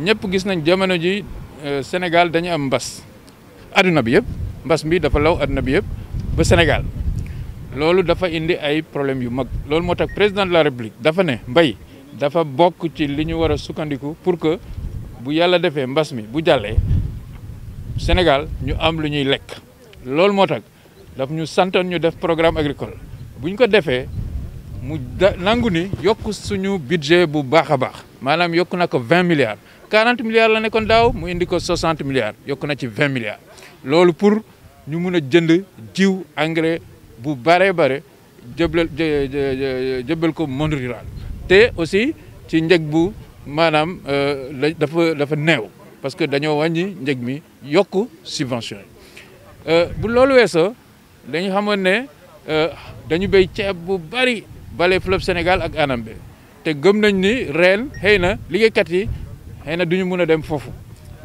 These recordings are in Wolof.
ñëpp gis nañ jamono ji euh, Sénégal dañu am mbas adduna bi yëpp mbas mi dafa law adduna bi yëpp ba Sénégal loolu dafa indi ay problème yu mag loolu moo tax président de la république dafa ne mbay dafa bokk ci li ñu war a sukkandiku pour que bu yàlla defee mbas mi bu jàllee Sénégal ñu am lu ñuy lekk loolu moo tax daf ñu santoon ñu def programme agricole bu ñu ko defee mu da nangu ni yokk suñu budget bu baax a baax maanaam yokk na ko vingt milliards 40 milliards la nekkoon daaw mu indi ko 60 milliards yokk na ci 20 milliards loolu pour ñu mun a jënd jiw engrais bu bare bare jëblal jëbal ko monde rural te aussi ci njëg bu maanaam euh, dafa dafa neew parce que dañoo wàññi njeg mi yokk subvention yi euh, bu loolu weesoo dañu xamoon ne euh, dañu béy ceeb bu bari bale fleuve Sénégal ak anam bi te gëm nañ ni reen xëy na liggéeykat yi xëy na duñu dem fofu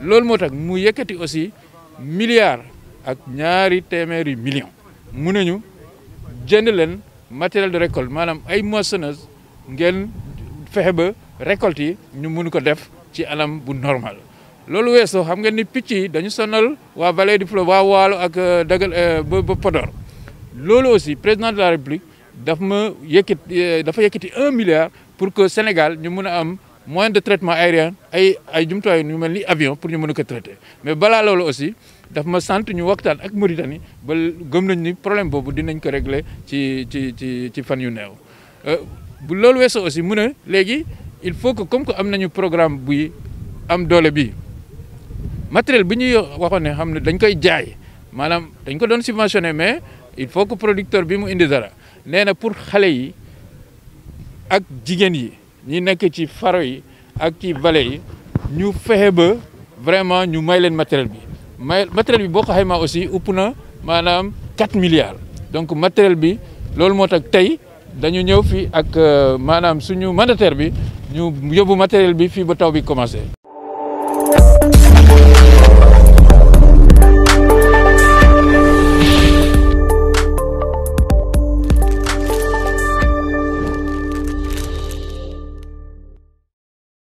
loolu moo mu yëkkati aussi milliards ak ñaari téeméeri millions mun nañu jënd leen matériel de récolte maanaam ay moissonneuse ngeen fexe ba récolte yi ñu mun ko def ci alam bu normal loolu weesoo xam ngeen ni picc yi dañu sonal wa vallée du wa waa waalo ak euh, dagal euh, ba ba Podor loolu aussi président de la république daf ma yëkkati euh, dafa yëkkati un milliard pour que Sénégal ñu am moyen de traitement aérien ay ay jumtuwaay ñu melni avion pour ñu mëna ko traiter mais bala lolu aussi daf ma sante ñu waxtaan ak Mauritanie ba gëm nañ ni problème bobu dinañ ko régler ci ci ci ci fan yu euh bu lolu weesoo aussi mu légui il faut que comme que am nañu programme bu am doole bi matériel bi ñu waxone ne dañ koy jaay manam dañ ko don subventionné mais il faut que producteur bi mu indi dara néna pour xalé yi ak jigen yi ñi nekk ci faro yi ak ci vallée yi ñu fexe ba vraiment ñu may leen matériel bi may matériel bi boko ko xaymaa aussi upp na maanaam 4 milliards donc matériel bi loolu moo tax tey dañu ñëw fi ak euh, manam suñu mandataire bi ñu yóbbu matériel bi fii ba taw bi commencé